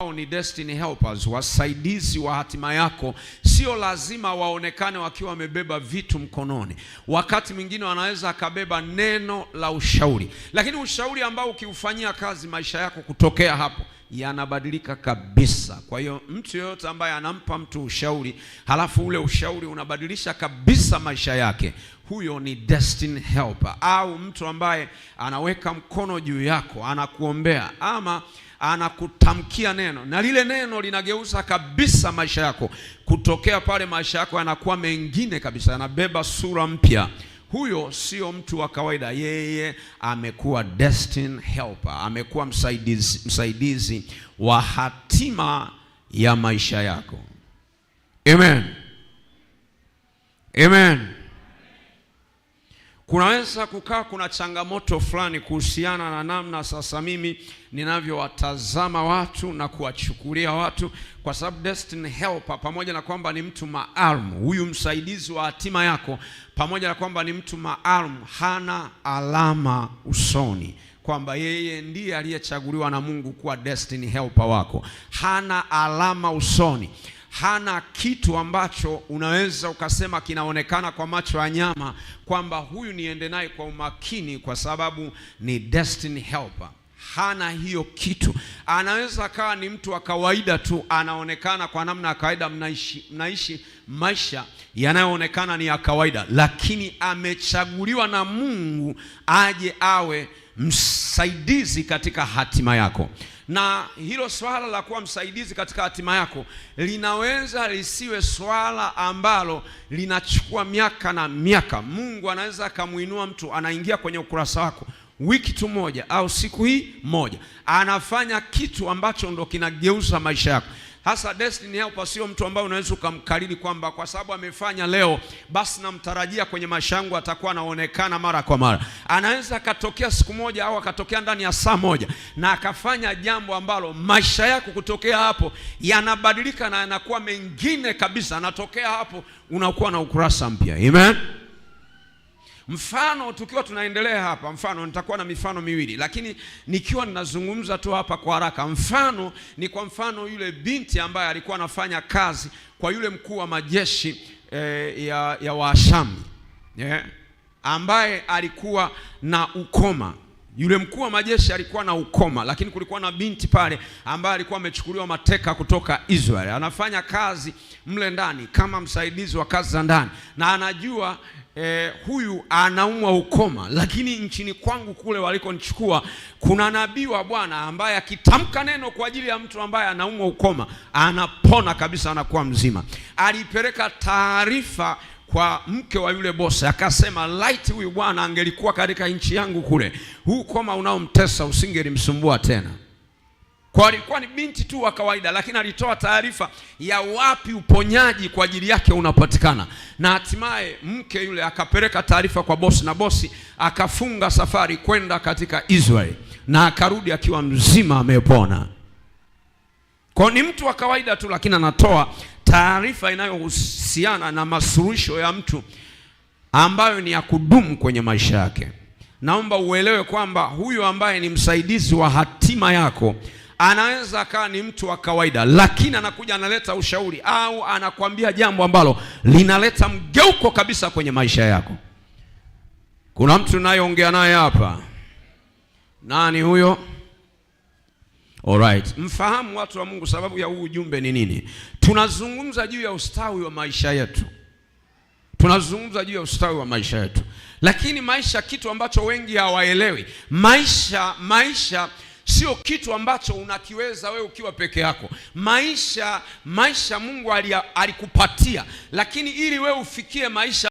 wao Ni destiny helpers, wasaidizi wa hatima yako. Sio lazima waonekane wakiwa wamebeba vitu mkononi, wakati mwingine wanaweza akabeba neno la ushauri, lakini ushauri ambao ukiufanyia kazi, maisha yako kutokea hapo yanabadilika kabisa. Kwa hiyo mtu yeyote ambaye anampa mtu ushauri halafu ule ushauri unabadilisha kabisa maisha yake, huyo ni destiny helper, au mtu ambaye anaweka mkono juu yako, anakuombea ama anakutamkia neno, na lile neno linageuza kabisa maisha yako. Kutokea pale maisha yako yanakuwa mengine kabisa, yanabeba sura mpya. Huyo sio mtu wa kawaida, yeye amekuwa destiny helper, amekuwa msaidizi, msaidizi wa hatima ya maisha yako. Amen, amen kunaweza kukaa kuna changamoto fulani kuhusiana na namna sasa mimi ninavyowatazama watu na kuwachukulia watu, kwa sababu destiny helper, pamoja na kwamba ni mtu maalum, huyu msaidizi wa hatima yako, pamoja na kwamba ni mtu maalum, hana alama usoni kwamba yeye ndiye aliyechaguliwa na Mungu kuwa destiny helper wako, hana alama usoni hana kitu ambacho unaweza ukasema kinaonekana kwa macho ya nyama kwamba huyu niende naye kwa umakini, kwa sababu ni destiny helper. Hana hiyo kitu. Anaweza akawa ni mtu wa kawaida tu, anaonekana kwa namna ya kawaida, mnaishi, mnaishi maisha yanayoonekana ni ya kawaida, lakini amechaguliwa na Mungu aje awe msaidizi katika hatima yako na hilo swala la kuwa msaidizi katika hatima yako linaweza lisiwe swala ambalo linachukua miaka na miaka. Mungu anaweza akamwinua mtu, anaingia kwenye ukurasa wako wiki tu moja au siku hii moja, anafanya kitu ambacho ndo kinageuza maisha yako. Hasa destiny hapa sio mtu ambaye unaweza ukamkariri kwamba kwa sababu amefanya leo, basi namtarajia kwenye maisha atakuwa anaonekana mara kwa mara. Anaweza akatokea siku moja au akatokea ndani ya saa moja na akafanya jambo ambalo maisha yako kutokea hapo yanabadilika na yanakuwa mengine kabisa. Anatokea hapo unakuwa na ukurasa mpya. Amen. Mfano tukiwa tunaendelea hapa, mfano nitakuwa na mifano miwili, lakini nikiwa ninazungumza tu hapa kwa haraka. Mfano ni kwa mfano yule binti ambaye alikuwa anafanya kazi kwa yule mkuu wa majeshi eh, ya, ya Waashami yeah, ambaye alikuwa na ukoma yule mkuu wa majeshi alikuwa na ukoma, lakini kulikuwa na binti pale ambaye alikuwa amechukuliwa mateka kutoka Israeli. Anafanya kazi mle ndani kama msaidizi wa kazi za ndani, na anajua eh, huyu anaumwa ukoma, lakini nchini kwangu kule walikonichukua kuna nabii wa Bwana ambaye akitamka neno kwa ajili ya mtu ambaye anaumwa ukoma anapona kabisa, anakuwa mzima. Alipeleka taarifa kwa mke wa yule bosi, akasema light, huyu bwana angelikuwa katika nchi yangu kule, huu koma unaomtesa usingelimsumbua tena. Kwa alikuwa ni binti tu wa kawaida, lakini alitoa taarifa ya wapi uponyaji kwa ajili yake unapatikana, na hatimaye mke yule akapeleka taarifa kwa bosi, na bosi akafunga safari kwenda katika Israeli, na akarudi akiwa mzima amepona. Kwa ni mtu wa kawaida tu, lakini anatoa taarifa inayohusu kuhusiana na masuluhisho ya mtu ambayo ni ya kudumu kwenye maisha yake. Naomba uelewe kwamba huyu ambaye ni msaidizi wa hatima yako anaweza akawa ni mtu wa kawaida, lakini anakuja analeta ushauri au anakwambia jambo ambalo linaleta mgeuko kabisa kwenye maisha yako. Kuna mtu nayeongea naye hapa, nani huyo? Alright. Mfahamu watu wa Mungu, sababu ya huu ujumbe ni nini? Tunazungumza juu ya ustawi wa maisha yetu, tunazungumza juu ya ustawi wa maisha yetu, lakini maisha, kitu ambacho wengi hawaelewi maisha, maisha sio kitu ambacho unakiweza wewe ukiwa peke yako. Maisha, maisha Mungu alikupatia, lakini ili wewe ufikie maisha